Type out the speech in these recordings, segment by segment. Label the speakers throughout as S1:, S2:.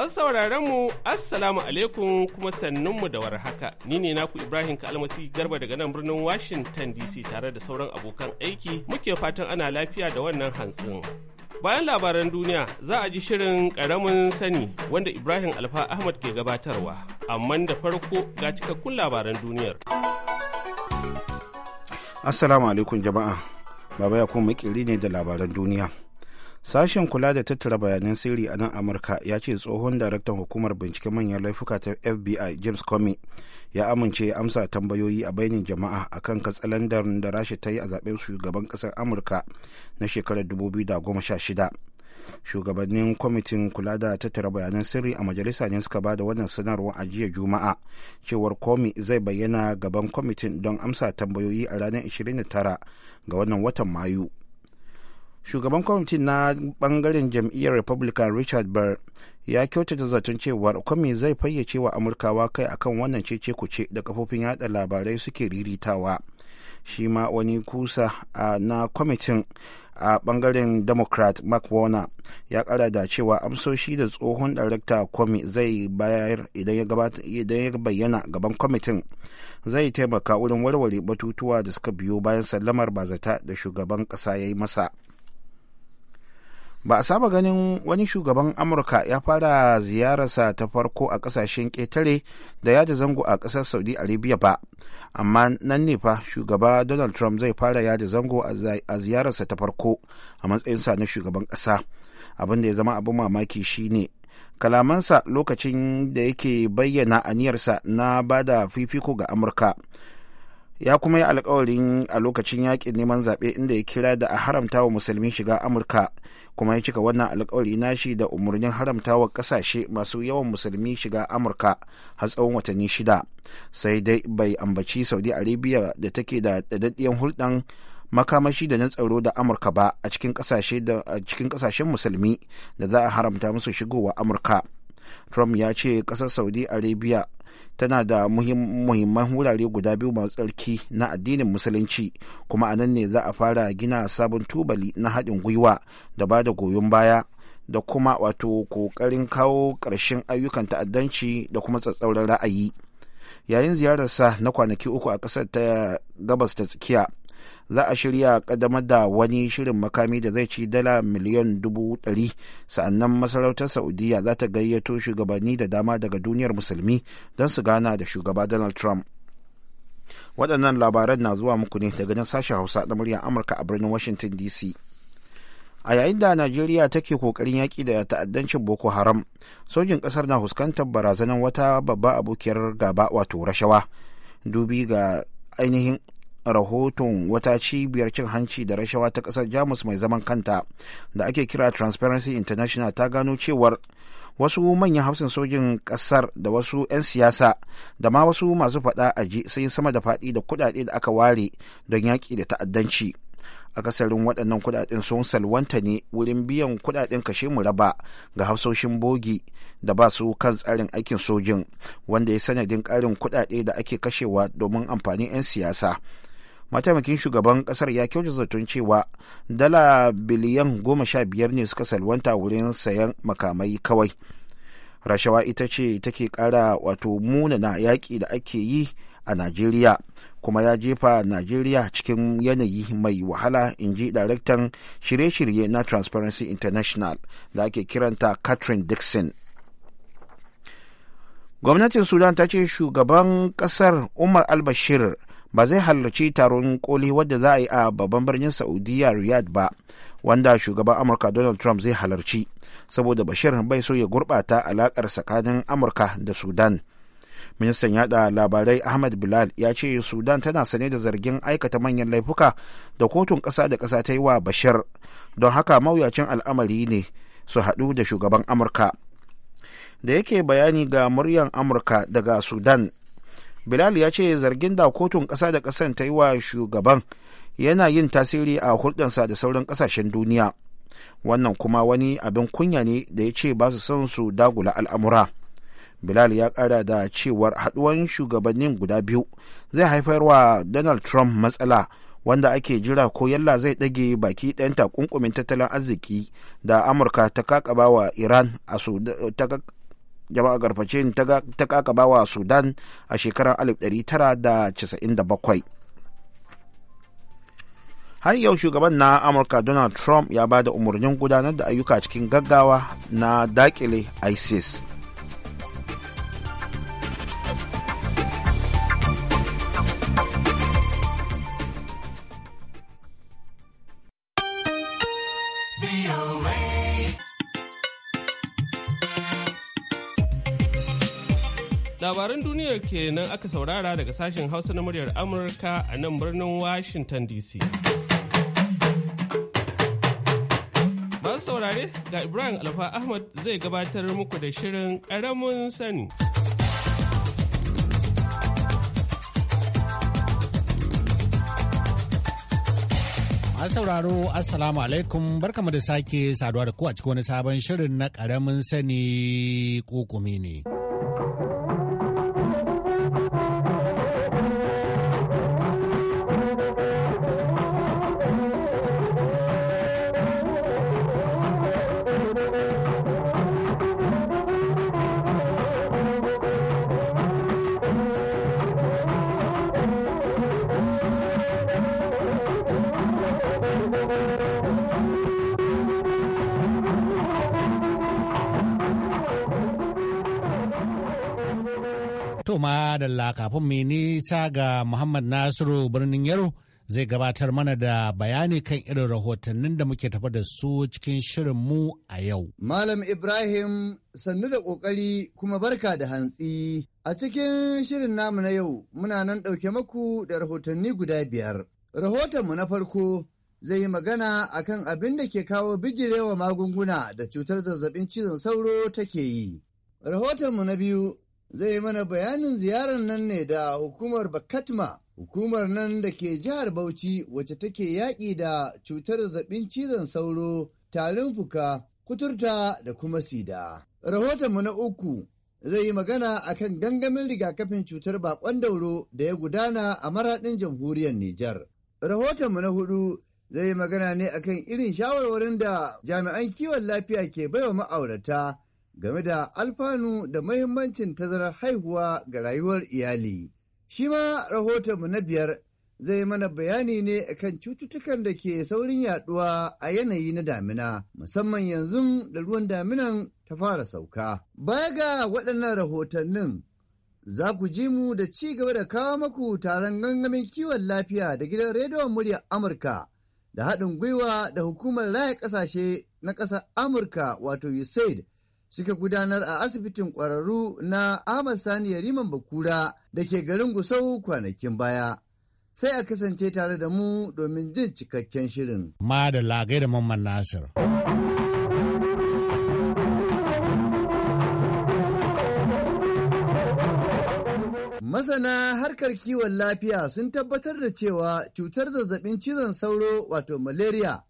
S1: Masu sauraron mu Assalamu alaikum kuma sannunmu da warhaka. Ni ne naku Ibrahim Kalmasi Garba daga nan birnin Washington DC tare da sauran abokan aiki muke fatan ana lafiya da wannan hantsin. Bayan labaran duniya za a ji shirin karamin sani wanda Ibrahim Alfa Ahmad ke gabatarwa, amma da farko ga cikakkun labaran duniyar.
S2: Assalamu alaikum jama'a, Baba ya kuma ne da labaran duniya. Sashen kula da tattara bayanan sirri a nan Amurka ya ce tsohon daraktan hukumar binciken manyan laifuka ta FBI James Comey ya amince ya amsa tambayoyi a bainin jama'a akan katsalandar da Rasha ta yi a zaben shugaban ƙasar Amurka na shekarar 2016. Shugabannin kwamitin kula da tattara bayanan sirri a majalisa ne suka ba da wannan sanarwar a jiya Juma'a cewar Comey zai bayyana gaban kwamitin don amsa tambayoyi a ranar 29 ga wannan watan Mayu. shugaban kwamitin na bangaren jam'iyyar republican richard burr ya kyautata zaton cewar kwami zai fayyace wa amurkawa kai akan wannan cece kuce da kafofin yada labarai suke riritawa shi ma wani kusa na kwamitin a bangaren democrat mark warner ya kara da cewa amsoshi da tsohon darakta kwami zai bayar idan ya bayyana gaban kwamitin zai taimaka wurin warware batutuwa da suka biyo bayan sallamar bazata da shugaban kasa ya yi masa ba a saba ganin wani shugaban amurka ya fara ziyararsa ta farko a kasashen ƙetare da yada zango a ƙasar saudi arabia ba amma nan ne fa shugaba donald trump zai fara yada zango a ziyararsa ta farko a matsayinsa na shugaban ƙasa abinda ya zama abin mamaki shine kalamansa lokacin da yake bayyana aniyarsa na bada fifiko ga amurka ya kuma yi alkawarin a lokacin yakin neman zaɓe inda ya kira da a haramta wa musulmi shiga amurka kuma ya cika wannan alkawari nashi da umarnin haramta wa ƙasashe masu yawan musulmi shiga amurka har tsawon watanni shida sai dai bai ambaci saudi arabia da take da daɗaɗɗiyar hulɗan makamashi da na tsaro da amurka ba a cikin ƙasashen musulmi da za a haramta musu shigowa amurka. trump ya ce kasar saudi arabia tana da muhimman wurare guda biyu masu tsarki na addinin musulunci kuma a nan ne za a fara gina sabon tubali na haɗin gwiwa da ba da goyon baya da kuma wato ƙoƙarin kawo ƙarshen ayyukan ta'addanci da kuma tsatsauran ra'ayi yayin ziyararsa na kwanaki uku a ƙasar ta gabas ta tsakiya za a shirya ƙaddamar da wani shirin makami da zai ci dala miliyan dubu ɗari sa'annan masarautar saudiya za ta gayyato shugabanni da dama daga duniyar musulmi don su gana da shugaba donald trump waɗannan labaran na zuwa muku ne daga nan sashen hausa na muryar amurka a birnin washington dc a yayin da najeriya take kokarin yaƙi da ta'addancin boko haram sojin ƙasar na fuskantar barazanar wata babba abokiyar gaba wato rashawa dubi ga ainihin rahoton wata cibiyar cin hanci da rashawa ta ƙasar jamus mai zaman kanta da ake kira transparency international ta gano cewar wasu manyan hafsin sojin ƙasar da wasu 'yan siyasa da ma wasu masu faɗa a ji sun sama da faɗi da kuɗaɗe da aka ware don yaƙi da ta'addanci akasarin waɗannan kuɗaɗen sun salwanta ne wurin biyan kuɗaɗen kashe mu raba ga hafsoshin bogi da ba su kan tsarin aikin sojin wanda ya sanadin ƙarin kuɗaɗe da ake kashewa domin amfanin 'yan siyasa mataimakin shugaban kasar ya kyauta zaton cewa dala biliyan goma sha biyar ne suka salwanta wurin sayan makamai kawai rashawa ita ce take kara wato munana yaƙi da ake yi a najeriya kuma ya jefa najeriya cikin yanayi mai wahala in ji daraktan shirye-shirye na transparency international da ake kiranta catherine dixon gwamnatin sudan ta ce shugaban kasar umar albashir ba zai halarci taron koli wadda za a yi a babban birnin saudiya riyadh ba wanda shugaban amurka donald trump zai halarci saboda bashir bai so ya gurɓata alaƙar tsakanin amurka da sudan ministan yada labarai ahmad bilal ya ce sudan tana sane da zargin aikata manyan laifuka da kotun kasa da kasa ta yi wa bashir don haka mawuyacin al'amari ne su haɗu da shugaban amurka da yake bayani ga muryan amurka daga sudan bilal ya ce zargin da kotun ƙasa da ƙasan ta yi wa shugaban yana yin tasiri a hulɗansa da sauran ƙasashen duniya wannan kuma wani abin kunya ne da ya ce ba su son su dagula al'amura bilal ya ƙara da cewar haɗuwan shugabannin guda biyu zai haifar wa donald trump matsala wanda ake jira ko yalla zai ɗage baki ɗan takunkumin tattalin arziki da amurka ta kakaba wa iran jama'a garfacin ta kakaba wa sudan a shekarar 1997 har yau shugaban na amurka donald trump ya ba da umarnin gudanar da ayyuka cikin gaggawa na dakile isis
S1: duniyar kenan aka saurara daga sashen hausa na muryar amurka a nan birnin washington dc masu saurare ga ibrahim alfa ahmad zai gabatar muku da shirin karamin sani
S3: An sauraro Assalamu alaikum barkamu da sake saduwa da ku a cikin wani sabon shirin na ƙaramin sani kokumi ne. madalla kafin mai nisa ga Muhammad Nasiru birnin Yaro zai gabatar mana da bayani kan irin
S4: rahotannin da muke tafa da su cikin shirin mu a yau. Malam Ibrahim sannu da ƙoƙari kuma barka da hantsi. A cikin shirin namu na yau muna nan ɗauke maku da rahotanni guda biyar. Rahotonmu na farko zai yi magana akan abin da ke kawo bijirewa magunguna da cutar zazzabin cizon sauro take yi. Rahotonmu na biyu zai mana bayanin ziyarar nan ne da hukumar Bakatma, hukumar nan da ke jihar Bauchi wacce take yaƙi da cutar zazzabin cizon sauro, tarin fuka, kuturta da kuma sida. Rahotonmu na uku zai yi magana a kan gangamin rigakafin cutar bakon dauro da ya gudana a maraɗin jamhuriyar Nijar. Rahotonmu na hudu zai yi magana ne akan irin shawarwarin da jami'an kiwon lafiya ke baiwa ma'aurata game da alfanu da mahimmancin tazarar haihuwa ga rayuwar iyali. Shi ma rahotonmu na biyar zai mana bayani ne kan cututtukan da ke saurin yaduwa a yanayi na damina, musamman yanzu da ruwan daminan ta fara sauka. Baya ga waɗannan rahotannin, za ku ji mu da ci gaba da kawo maku taron gangamin kiwon lafiya da gidan rediyon murya Amurka da haɗin gwiwa da hukumar raya ƙasashe na ƙasar Amurka wato USAID suka gudanar a asibitin ƙwararru na Ahmad Sani Yariman Bakura da ke garin Gusau kwanakin baya. Sai a kasance tare da mu domin jin cikakken shirin. Ma
S3: da lagai da Mamman Nasir.
S4: Masana harkar kiwon lafiya sun tabbatar da cewa cutar zazzabin cizon sauro wato malaria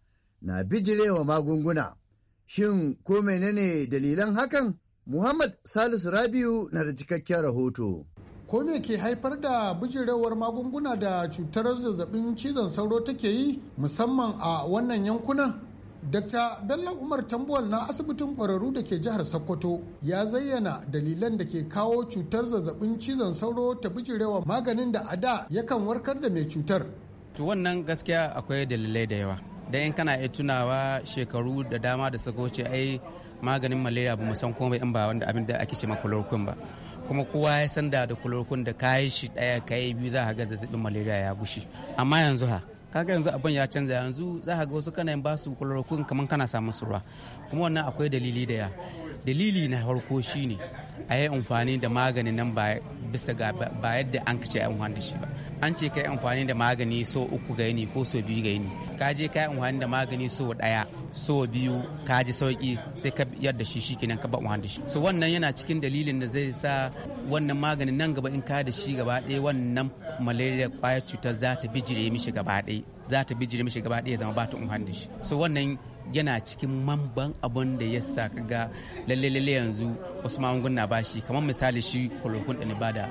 S4: na bijirewa magunguna. Shin ko menene dalilan hakan? Muhammad Salisu Rabiu na da cikakken rahoto. Ko me ke haifar da
S3: bijirawar magunguna da cutar zazzabin cizon sauro take yi musamman a wannan yankunan? Dr. Bello Umar Tambuwal na asibitin ƙwararru da ke jihar Sokoto ya zayyana dalilan da ke kawo cutar zazzabin cizon sauro ta bijirawa maganin da a da yakan warkar da mai cutar.
S5: To wannan gaskiya akwai dalilai da yawa. dan in kana iya tunawa shekaru da dama da suka wuce ai maganin malaria ba san komai in ba wanda abin da ake ce ma chloroquine ba kuma kowa ya san da da chloroquine da kai shi daya kai biyu za ka ga zazzabin malaria ya gushi amma yanzu ha kaga yanzu abin ya canza yanzu za ka ga wasu kana yin basu chloroquine kamar kana samun surwa kuma wannan akwai dalili da ya dalili na shi shine a yi amfani da magani nan ba bisa ga ba yadda an kace amfani da shi ba an ce kai amfani da magani so uku ga yini ko so biyu ga yini ka je kai amfani da magani so daya so biyu ka ji sauki sai ka yadda shi shikenan ka ba amfani da shi so wannan yana cikin dalilin da zai sa wannan maganin nan gaba in ka da shi gaba ɗaya wannan malaria kwayar cutar za ta bijire mishi gaba ɗaya za ta bijire mishi gaba ɗaya zama ba ta amfani da shi so wannan yana cikin mamban abun da ya sa kaga lalle lalle yanzu wasu magunguna na bashi kamar misali shi kolokun da nibada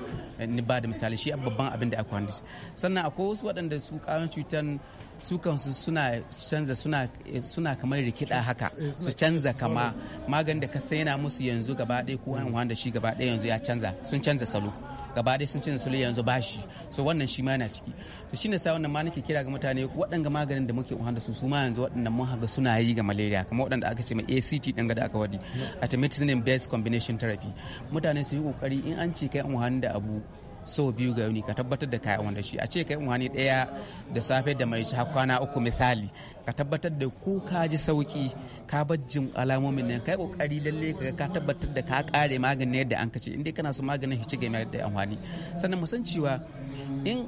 S5: nibada misali shi babban abin da aka wanda sannan akwai wasu waɗanda su ƙarin cutar su kansu suna canza suna kamar rikida haka su canza kama magan da ka yana musu yanzu gaba ɗaya ko an wanda shi gaba ɗaya yanzu ya canza sun canza salo gaba dai sun ce insulin yanzu bashi so wannan shi ma yana ciki to shine sa wannan ma nake kira ga mutane waɗanga maganin da muke uhan da su su ma yanzu waɗannan mun haga suna yi ga malaria kamar waɗanda aka ce ma ACT ɗin da aka wadi medicine based combination therapy mutane su yi kokari in an ce kai an da abu sau biyu ga yuni ka tabbatar da kayan wanda shi a ce kayan wani ɗaya da safe da mai har kwana uku misali ka tabbatar da ko ka ji sauki ka bajin alamomin nan kai kokari lalle ka ka tabbatar da ka kare maganin yadda an kace inda kana so maganin hici game mai da amfani sannan mu san cewa in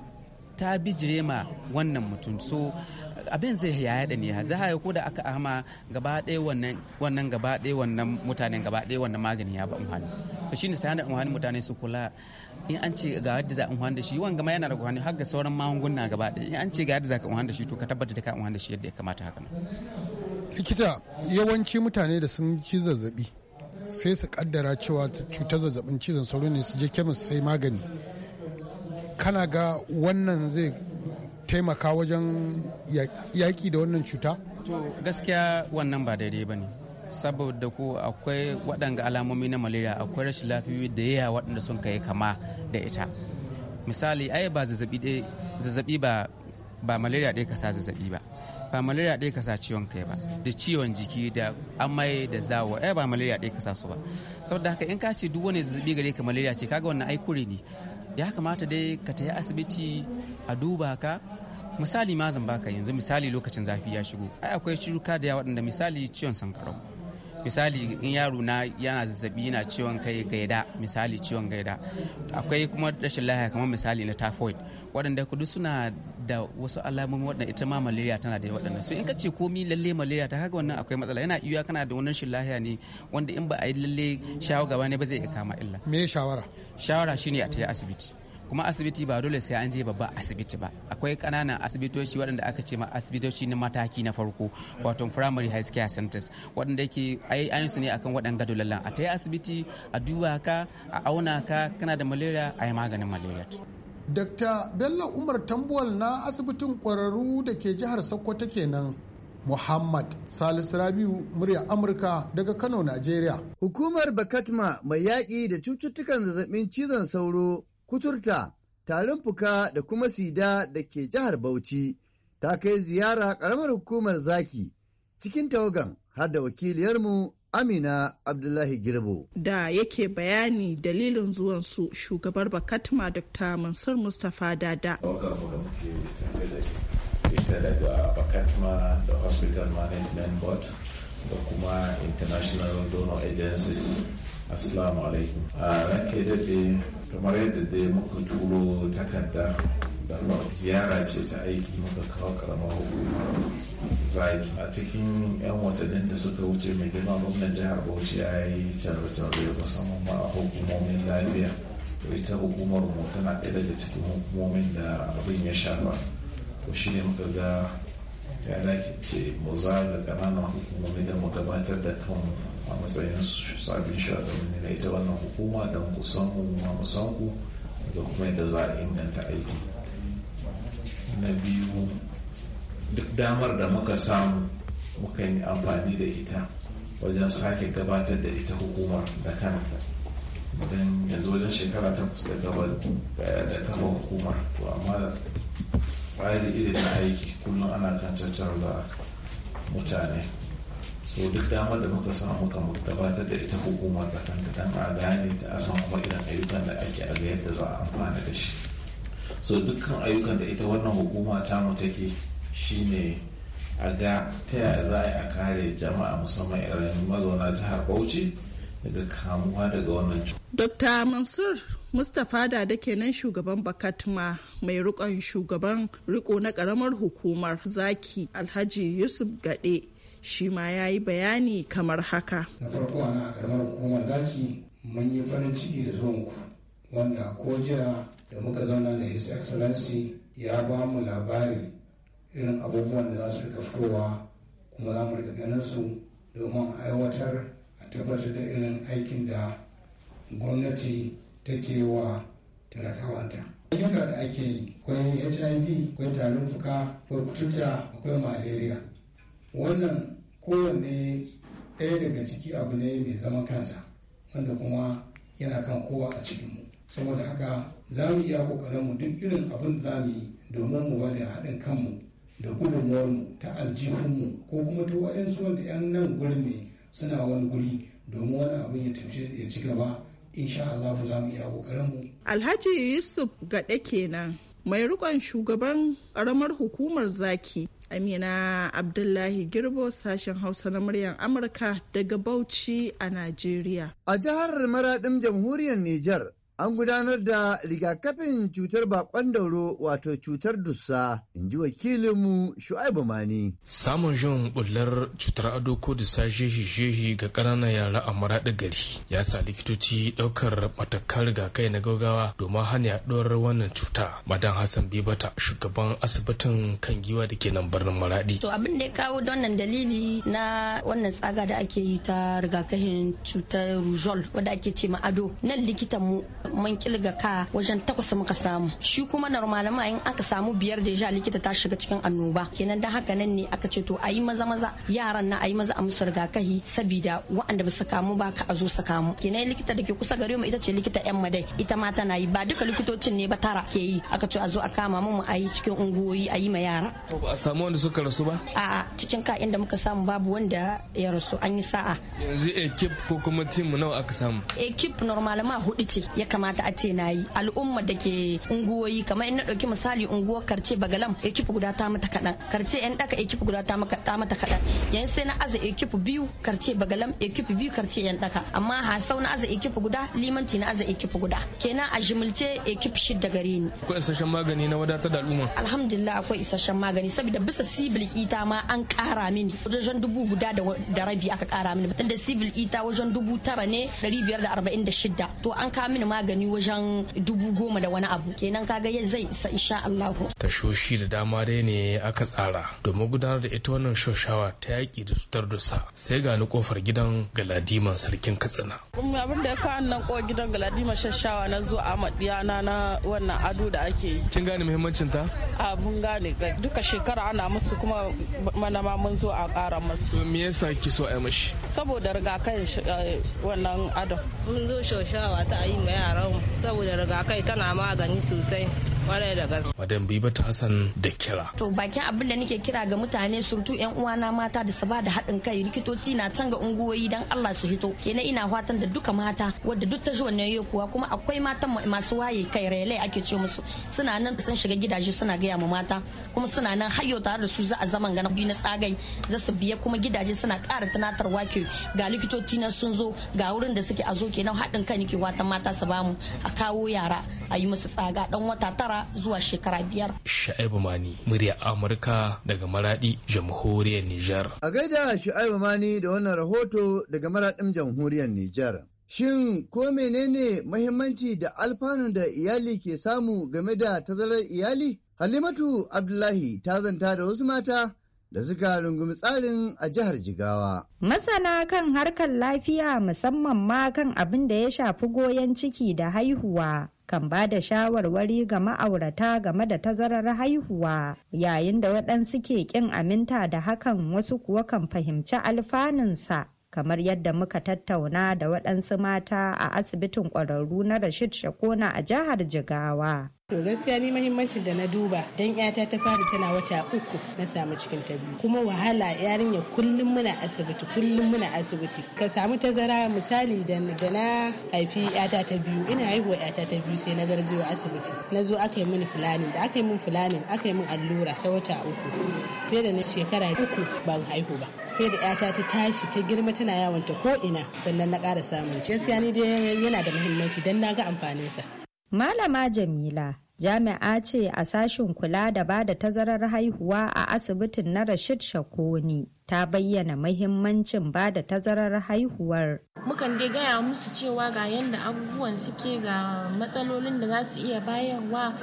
S5: ta bijire ma wannan mutum so abin zai yaya da ne za a ko da aka ama gaba wannan wannan gaba wannan mutane gaba wannan magani ya ba umhani to shine sai hana umhani mutane su kula in an ce ga wadda za a umhani da shi yawan gama yana da umhani har ga sauran magunguna gaba ɗaya in an ce ga wadda za ka umhani da shi to ka tabbata da ka umhani da shi yadda ya kamata haka
S3: likita yawanci mutane da sun ci zazzabi sai su kaddara cewa cutar zazzabin cizon sauro ne su je kemis sai magani kana ga wannan zai taimaka wajen yaƙi da wannan cuta?
S5: To gaskiya wannan ba daidai ba ne. saboda ko akwai waɗanga alamomi na malaria akwai rashin lafiyoyi da yaya waɗanda sun kai kama da ita misali ai ba zazzabi ba ba malaria ɗaya kasa zazzabi ba ba malaria ɗaya kasa ciwon kai ba da ciwon jiki da amai da zawo ai ba malaria ɗaya kasa su ba saboda haka in ka ce duk wani zazzabi gare ka malaria ce kaga wannan ai kure ne ya kamata dai ka tafi asibiti a duba ka misali ma zan baka yanzu misali lokacin zafi ya shigo ai akwai ciruka da yawa waɗanda misali ciwon sankarau misali in yaro na yana zazzabi yana ciwon kai gaida misali ciwon gaida akwai kuma rashin lafiya kamar misali na typhoid waɗanda kudu suna da wasu alamomi waɗanda ita ma malaria tana da waɗanda so in ka ce komi lalle malaria ta haka wannan akwai matsala yana iya kana da wannan lahiya ne wanda in ba a yi lalle shawo gaba ne ba zai iya kama illa me shawara shawara shine a tafi asibiti kuma asibiti ba dole sai an je babba asibiti ba akwai kananan asibitoci waɗanda aka ce ma asibitoci na mataki na farko wato primary health care centers waɗanda yake ayin su ne akan waɗanga dolallan a ta asibiti a duba ka a auna ka kana da malaria a yi maganin malaria
S3: Dr. Bello Umar Tambuwal na asibitin ƙwararru da ke jihar Sokoto kenan.
S4: Muhammad Salisu Rabiu murya Amurka daga Kano, Najeriya. Hukumar Bakatma mai yaƙi da cututtukan zazzabin cizon sauro kuturta, tarin fuka da kuma sida da ke jihar Bauchi ta kai ziyara ƙaramar hukumar zaki cikin tawagan har da wakiliyarmu Amina Abdullahi Girbo.
S6: Da yake bayani dalilin zuwan su shugabar Bakatma Dr. Mansur Mustapha Dada. daga
S7: Bakatma da Hospital da kuma International Donor Agencies. Assalamu alaikum. A ranke daɗe kamar yadda dai muka turo takarda da ziyara ce ta aiki muka kawo karama hukumar zaki a cikin 'yan watannin da suka wuce mai girma gwamnan jihar bauchi ya yi canza-canza musamman ma a hukumomin lafiya to ita hukumar mu tana ɗaya daga cikin hukumomin da abin ya shafa to shi ne muka ga ya dace mu zaga ƙananan hukumomi da mu gabatar da kanmu a matsayin sabbin shugabanni na ita wannan hukuma don ku samu ma mu da kuma yadda za a inganta aiki na biyu duk damar da muka samu muka yi amfani da ita wajen sake gabatar da ita hukuma da kanta don yanzu wajen shekara takwas da gabar da kafa hukumar to amma tsari irin na aiki kullum ana kan cancantar da mutane so duk damar da muka samu kamar gabatar da ita hukumar da kanta a gane ta a san kuma irin ayyukan da ake a yadda za a amfana da shi so dukkan ayyukan da ita wannan hukuma ta mu take shine a ga ta yaya za a kare jama'a musamman irin mazauna jihar bauchi daga kamuwa daga wannan cuta.
S6: Dr. Mansur Mustapha da da kenan shugaban Bakatma mai rikon shugaban riko na karamar hukumar zaki Alhaji Yusuf Gade shi ma ya yi bayani kamar haka.
S3: Na farko ana a karamar hukumar zaki mun yi farin ciki da zuwan ku wanda ko jiya da muka zauna da His Excellency ya ba mu labari irin abubuwan da za su rika fitowa kuma za mu rika ganin su domin aiwatar a tabbatar da irin aikin da gwamnati take wa talakawanta. Ayyuka da ake yi, akwai HIV, akwai tarin fuka, akwai cuta akwai malaria. wannan kowanne ɗaya daga ciki abu ne mai zaman kansa wanda kuma yana kan kowa a cikinmu saboda haka za mu iya kokarin mu duk irin abin za mu yi domin mu bada haɗin kanmu da gudunmuwarmu ta aljihunmu ko kuma ta wa'yansu wanda 'yan nan gurin ne suna wani guri domin wani abin ya tafi ya ci gaba insha Allah za mu iya kokarin mu
S6: alhaji yusuf gaɗe kenan mai rikon shugaban karamar hukumar zaki amina abdullahi girbo sashen hausa na muryar amurka daga bauchi a najeriya
S4: a jihar maradin jamhuriyar Nijar. an gudanar da rigakafin cutar bakon dauro wato cutar dussa in ji wakilinmu shu'aibu mani samun jin
S1: bullar cutar ado ko dussa shehi shehi ga ƙananan yara a maraɗi gari ya sa likitoci ɗaukar matakan rigakai na gaugawa domin hana yaɗuwar wannan cuta madan hassan bibata shugaban asibitin kan giwa da ke nan birnin maraɗi to
S8: abin da ya kawo don wannan dalili na wannan tsaga da ake yi ta rigakafin cutar rujol wanda ake ce ma ado nan likitan mu mun kilga ka wajen takwas muka samu shi kuma normalama in aka samu biyar deja likita ta shiga cikin annoba kenan dan haka nan ne aka ce to ayi maza maza yaran na ayi maza a musu rigakafi sabida waɗanda ba su kamu ba ka a zo su kamu kenan likita da ke kusa gare mu ita ce likita yan madai ita ma tana yi ba duka likitocin ne ba tara ke yi aka ce a zo a kama mu mu ayi cikin unguwoyi ayi ma yara
S1: ba a samu wanda suka rasu ba
S8: a'a cikin ka inda muka samu babu wanda ya rasu an yi sa'a
S1: yanzu ekip ko kuma tim nawa aka samu
S8: ekip normal ma hudu ce ya kama kamata a ce na yi al'umma da ke unguwoyi kamar in na ɗauki misali unguwar karce bagalam ekip guda ta mata kaɗan karce yan ɗaka ekip guda ta mata kaɗan yan sai na aza ekip biyu karce bagalam ekip biyu karce yan ɗaka amma hasau na aza ekip guda limanci na aza ekip guda kenan a jimilce ekip shidda gare ni.
S1: akwai isasshen magani na wadatar da al'umma.
S8: alhamdulillah akwai isasshen magani saboda bisa sibil ita ma an ƙara mini wajen dubu guda da rabi aka ƙara mini tunda sibil ita wajen dubu tara ne ɗari biyar da arba'in da shidda to an kawo mini magani magani wajen dubu goma da wani abu kenan kaga ya zai isa insha Allah
S1: tashoshi da dama dai ne aka tsara domin gudanar da ita wannan shoshawa ta yaki da tutar dusa sai ga ni kofar gidan galadiman sarkin katsina
S8: abin da
S6: ya kawo nan ko gidan galadiman shoshawa na zuwa Amadiya na na wannan ado da ake yi kin
S1: gane muhimmancin ta
S6: a mun gane duka shekara ana musu kuma mana ma mun zo a ƙara musu
S1: me yasa ki so a mashi
S9: saboda rigakai eh, wannan adam
S8: mun zo shoshawa ta yi ma yaran saboda rigakai tana magani sosai Kwarai da gaske.
S1: Madam da kira.
S8: To bakin abin da nake kira ga mutane surutu yan uwana mata da saba da haɗin kai likitoci na can ga unguwoyi dan Allah su hito. Kenan ina fatan da duka mata wadda duk ta ji wannan yokuwa kuma akwai matan masu waye kai rele ake ce musu suna nan sun shiga gidaje suna gaya ma mata kuma suna nan hayo tare da su za a zaman gana biyu na tsagai za su biya kuma gidaje suna ƙara tunatarwa ke ga likitoci na sun zo ga wurin da suke a zo kenan haɗin kai nake watan mata su bamu a kawo yara a yi musu tsaga dan wata tara shekara zuwa shekara biyar.
S1: Sha'ibu Mani, murya Amurka daga Maradi, Jamhuriyar Nijar.
S4: A gaida Sha'ibu Mani da wannan rahoto daga Maradin Jamhuriyar Nijar. Shin ko menene mahimmanci da alfanun da iyali ke samu game da tazarar iyali? Halimatu Abdullahi ta zanta da wasu mata da suka rungumi tsarin a jihar Jigawa. Masana kan harkar lafiya musamman ma kan abin
S9: da ya shafi goyon ciki da haihuwa kan ba da shawarwari ga ma'aurata game da tazarar haihuwa yayin da waɗansu ke ƙin aminta da hakan wasu kuwa kan fahimci alfanunsa. kamar yadda muka tattauna da waɗansu mata a asibitin ƙwararru na Rashid Shakona a jihar Jigawa. To gaskiya ni mahimmancin da na duba dan yata ta fara tana wata uku na samu cikin ta biyu kuma wahala yarinya kullum muna asibiti kullum muna asibiti ka samu tazara misali da na haifi yata ta biyu ina haihuwa yata ta biyu sai na garzo asibiti na zo aka yi mini fulani da aka yi min fulani aka yi min allura ta wata uku sai da na shekara uku ban haihu ba sai da yata ta tashi ta girma tana yawon ta ko sannan na ƙara samun gaskiya ni dai yana da muhimmanci don na ga amfaninsa. Malama Jamila jami'a ce a sashin kula da ba da tazarar haihuwa a asibitin na Rashid Shakoni ta bayyana mahimmancin ba da tazarar haihuwar.
S10: Mukan dai gaya musu cewa ga yadda abubuwan suke ga matsalolin da za su iya bayarwa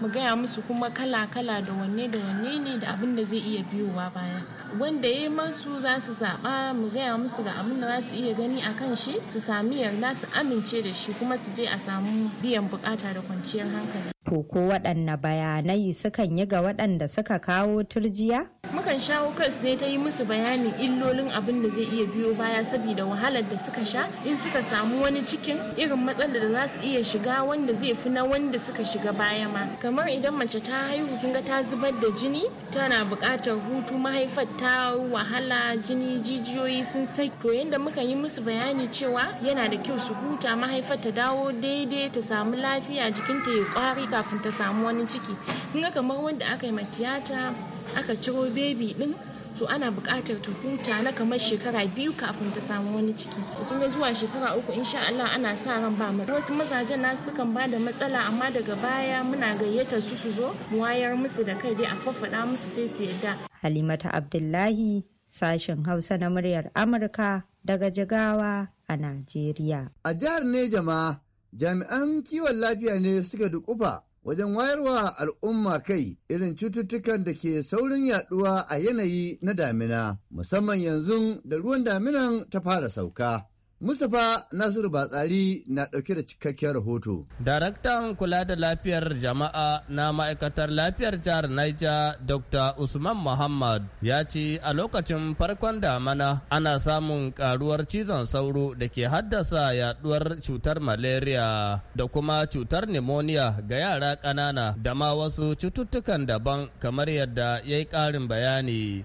S10: mu gaya musu kuma kala-kala da wanne da wanne ne da abin da zai iya biyowa baya wanda ya yi masu za su zaɓa mu gaya musu da abin da za su iya gani a kan shi su sami yarda su amince da shi kuma su je a samu biyan bukata da kwanciyar hankali
S9: To ko waɗanne bayanai sukan yi ga waɗanda suka kawo turjiya?
S10: Mukan shawo kas ne ta yi musu bayanin illolin abin da zai iya biyo baya saboda wahalar da suka sha in suka samu wani cikin irin matsalar da za su iya shiga wanda zai fi na wanda suka shiga baya ma. Kamar idan mace ta haihu kinga ta zubar da jini tana buƙatar hutu mahaifar ta wahala jini jijiyoyi sun sai to yanda mukan yi musu bayani cewa yana da kyau su huta mahaifar ta dawo daidai ta samu lafiya jikinta ya kwari kafin ta samu wani ciki ga kamar wanda aka yi tiyata aka ciro bebi din to ana buƙatar ta huta na kamar shekara biyu kafin ta samu wani ciki kin ga zuwa shekara uku insha Allah ana sa ran ba mu wasu mazajen na sukan ba da matsala amma daga baya muna gayyata su su zo mu wayar musu da kai dai a faffada musu sai su yadda
S9: Halimata Abdullahi sashen Hausa na muryar Amurka daga Jigawa a Najeriya
S4: a jihar jama'a. Jami'an kiwon lafiya ne suka dukufa wajen wayarwa al'umma kai irin cututtukan da ke saurin yaduwa a yanayi na damina, musamman yanzu da ruwan daminan ta fara sauka. Mustapha Nasiru Batsari na ɗauke da cikakkiyar rahoto.
S1: Daraktan kula da lafiyar jama'a na ma'aikatar lafiyar jihar Niger Dr. Usman Muhammad ya ce a lokacin farkon damana ana samun ƙaruwar cizon sauro da ke haddasa yaduwar cutar malaria da kuma cutar pneumonia ga yara ƙanana da ma wasu
S11: cututtukan daban kamar yadda ya yi ƙarin bayani.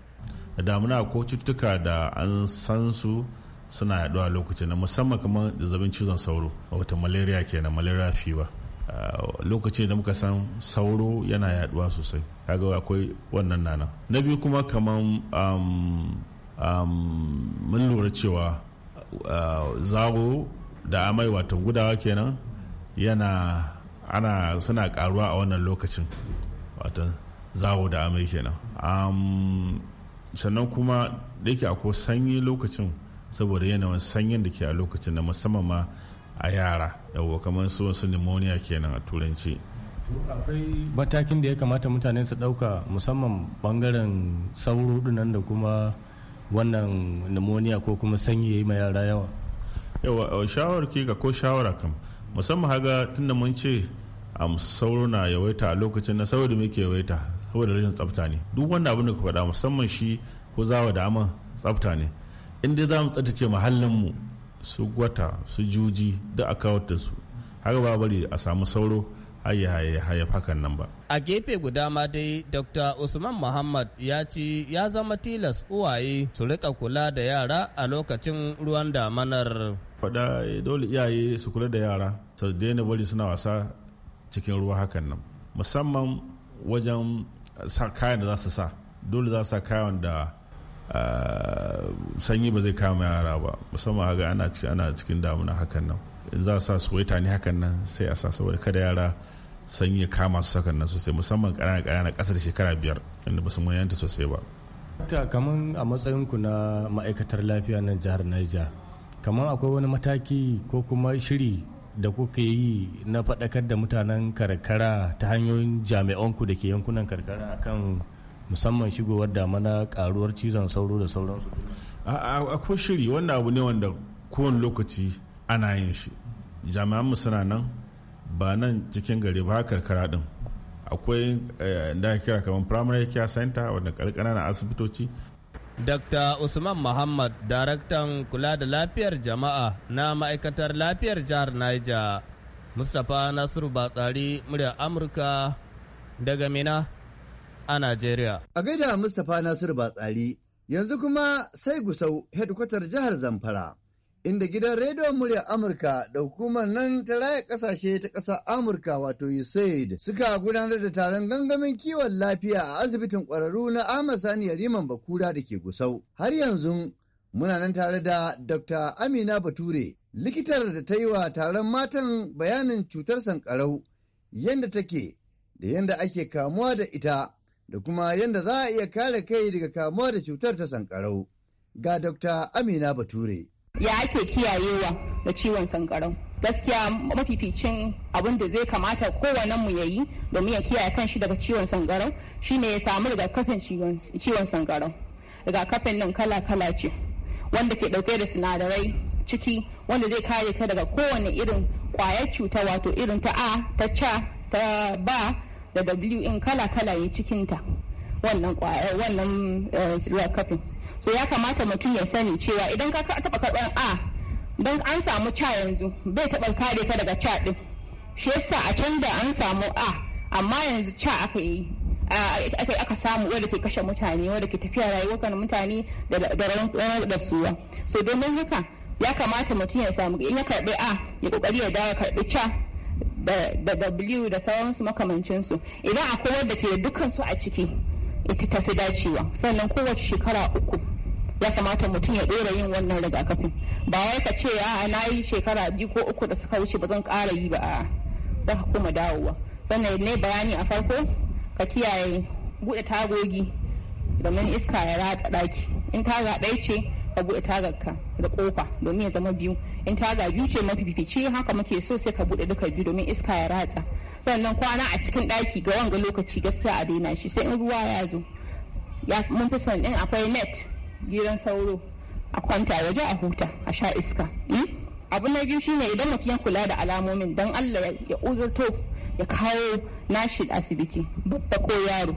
S11: Damuna ko cututtuka da an san su suna yaduwa lokacin na musamman kamar zazzabin cizon sauro wata malaria kenan malaria fiwa ah, lokacin da muka san sauro yana yaɗuwa sosai kaga akwai wannan nana na biyu kuma kamar um, um, mun lura cewa ah, zago da amai wata gudawa kenan yana ana suna karuwa a wannan lokacin wata zago da amai kenan um, sannan kuma da yake akwai sanyi lokacin saboda yanayin sanyin da ke a lokacin da musamman ma a yara yawo kamar su wasu pneumonia kenan a turanci akwai matakin da ya kamata mutane su dauka musamman bangaren sauro dinan da kuma wannan pneumonia ko kuma sanyi ya yi ma yara yawa yawa shawar ga ko shawara kam musamman haga tunda mun ce sauro na yawaita a lokacin na saboda muke yawaita saboda rashin tsafta ne duk wanda abin da ku faɗa musamman shi ko zawa da aman tsafta ne inda za mu tsattace mahallinmu su gwata su juji da a su har ba bari a samu sauro haye haye nan ba
S1: a gefe guda ma dai dr usman muhammad ya ci ya zama tilas uwaye su rika kula da yara a lokacin ruwan damanar
S11: faɗa eh, dole iyaye su kula da yara su bari suna wasa cikin ruwa hakan nan musamman wajen sa kayan da za su sa dole za su sa kayan da Eh, sanyi ba zai kama yara ba musamman haga ana cikin ana cikin damuna hakan nan in za a sa waita ne hakan nan sai a sa saboda kada yara sanyi ya kama su hakan nan sosai musamman ƙanana ƙanana ƙasa da shekara biyar inda ba su manyanta sosai ba. ta kamar a matsayinku na ma'aikatar lafiya na jihar niger kaman akwai wani mataki ko kuma shiri da kuka yi na faɗakar da mutanen karkara ta hanyoyin jami'anku da ke yankunan karkara akan musamman shigowar damana karuwar cizon sauro da sauransu akwai shiri wannan abu ne wanda kowane lokaci ana yin shi jami'an suna nan ba nan cikin gari ba karkara din akwai eh, da kira kamar primary care center wanda karkara na asibitoci Dr.
S1: Usman Muhammad, daraktan kula da lafiyar jama'a na ma'aikatar lafiyar jihar Niger, Mustapha Nasiru Batsari, muryar Amurka daga
S4: Mina a Najeriya. A gaida Mustapha Nasiru Batsari yanzu kuma sai gusau hedkwatar jihar Zamfara. Inda gidan rediyon muryar Amurka da hukumar nan ta raya kasashe ta ƙasa Amurka wato USAID suka gudanar da taron gangamin kiwon lafiya a asibitin ƙwararru na Ahmad Sani Yariman Bakura da ke Gusau. Har yanzu muna nan tare da Dr. Amina Bature, likitar da ta yi wa taron matan bayanin cutar sankarau, yadda take da yadda ake kamuwa da ita da kuma yadda za a iya kare kai daga kamuwa da cutar ta sankarau. Ga dokta Amina Bature. Ya ake kiyayewa da ciwon sankarau.
S6: Gaskiya mafificin
S4: abin da zai kamata kowane mu ya yayi domin ya kiyaye kanshi daga
S6: ciwon sankarau shine ya samu rigakafin ciwon sankarau. Rigakafin nan kala-kala ce wanda ke dauke da sinadarai ciki wanda zai kare ka daga kowane irin kwayar cuta wato irin ta A, ta ca ta ba. da in kala-kala ya cikinta wannan wannan eh, kafin so ya kamata mutum ya sani cewa idan ka taba karɓar a don an samu ca yanzu bai taɓa kare ka daga ca ɗin shi yasa a can da an samu a amma yanzu ca aka yi aka samu wadda ke kashe mutane wadda ke tafiya rayuwar mutane da ranar da suwa so domin haka ya kamata mutum ya samu in ya karɓi a ya kokari ya dawo karɓi ca da w da sauransu makamancinsu idan akwai wadda ke dukansu a ciki ita ta fi dacewa sannan kowace shekara uku ya kamata mutum ya ɗora yin wannan rigakafin ba wai ka ce a na yi shekara biyu ko uku da suka wuce ba zan kara yi ba a za ka kuma dawowa sannan ne bayani a farko ka kiyaye buɗe tagogi domin iska ya ratsa ɗaki in taga ɗaya ce ka buɗe tagarka da kofa domin ya zama biyu in taga biyu ce mafifici haka muke so sai ka bude duka biyu domin iska ya ratsa sannan kwana a cikin daki ga wanga lokaci gaskiya a daina shi sai in ruwa ya zo mun fi son din akwai net gidan sauro a kwanta waje a huta a sha iska hmm? abu na biyu shine idan mutum ya kula da alamomin dan Allah ya uzurto ya kawo nashi asibiti babba ko yaro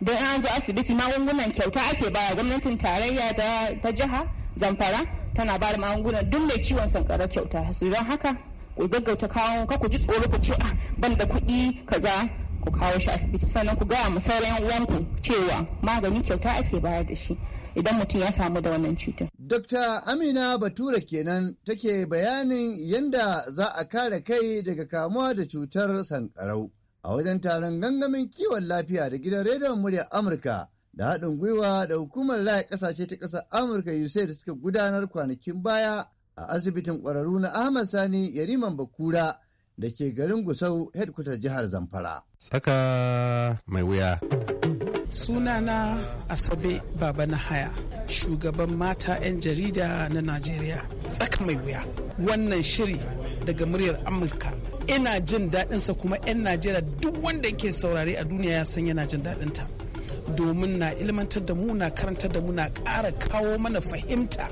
S6: don an zo asibiti magungunan kyauta ake baya gwamnatin tarayya ta jiha zamfara tana bada da magungunan duk mai ciwon sankara kyauta su don haka ku gaggauta kawo ka ku ji tsoro ku ce ah, ban da kuɗi kaza ku kawo shi asibiti
S4: sannan ku gaya sauran uwanku cewa magani kyauta ake bayar da shi idan mutum ya samu da wannan cutar. Dokta Amina batura kenan take bayanin yadda za a kare kai daga kamuwa da cutar sankarau a wajen taron gangamin kiwon lafiya da gidan rediyon muryar Amurka da haɗin gwiwa da hukumar laya ƙasashe ta ƙasar amurka usaid suka gudanar kwanakin baya a asibitin ƙwararru na ahmad sani yariman bakura da ke garin gusau headquarter jihar zamfara
S9: tsaka mai wuya
S5: sunana asabe baba na haya shugaban mata 'yan jarida na najeriya tsaka mai wuya wannan shiri daga muryar amurka ina jin daɗinsa kuma 'yan najeriya duk wanda yake saurare a duniya ya san yana jin daɗinta domin na ilmantar da mu na karantar da mu na ƙara kawo mana fahimta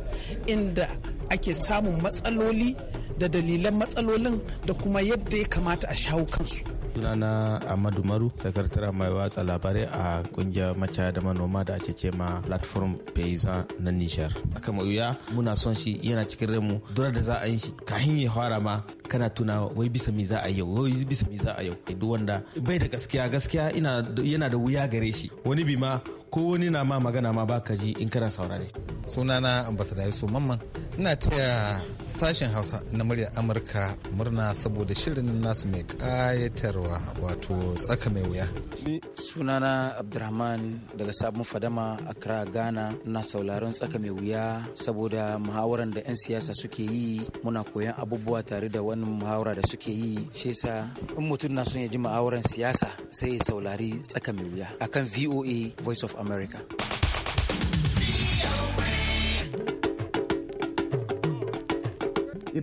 S5: inda ake samun matsaloli da dalilan matsalolin da kuma yadda ya kamata a shawo kansu. sunana amadu maru sakataren mai watsa labarai a kungiyar maca da manoma da ake ce ma platform paysan na nishar tsaka mai wuya muna son shi yana cikin remu dura da za a yi shi kahin ya fara ma kana tuna wai bisa mi za a yau wai bisa mi za a yau duk wanda bai da gaskiya gaskiya
S3: yana da wuya gare shi wani bi ma ko wani na ma magana ma baka ji in kana saurare sunana ambassador su mamman ina taya sashen hausa na murya amurka murna saboda shirin nasu mai kayatarwa wato tsaka mai wuya
S5: sunana abdurrahman daga sabon fadama accra ghana na sauraron tsaka mai wuya saboda muhawaran da 'yan siyasa suke yi muna koyan abubuwa tare da wani muhawara da suke yi shesa in mutum na son ya ji muhawaran siyasa sai ya saulari tsaka mai wuya akan voa voice of america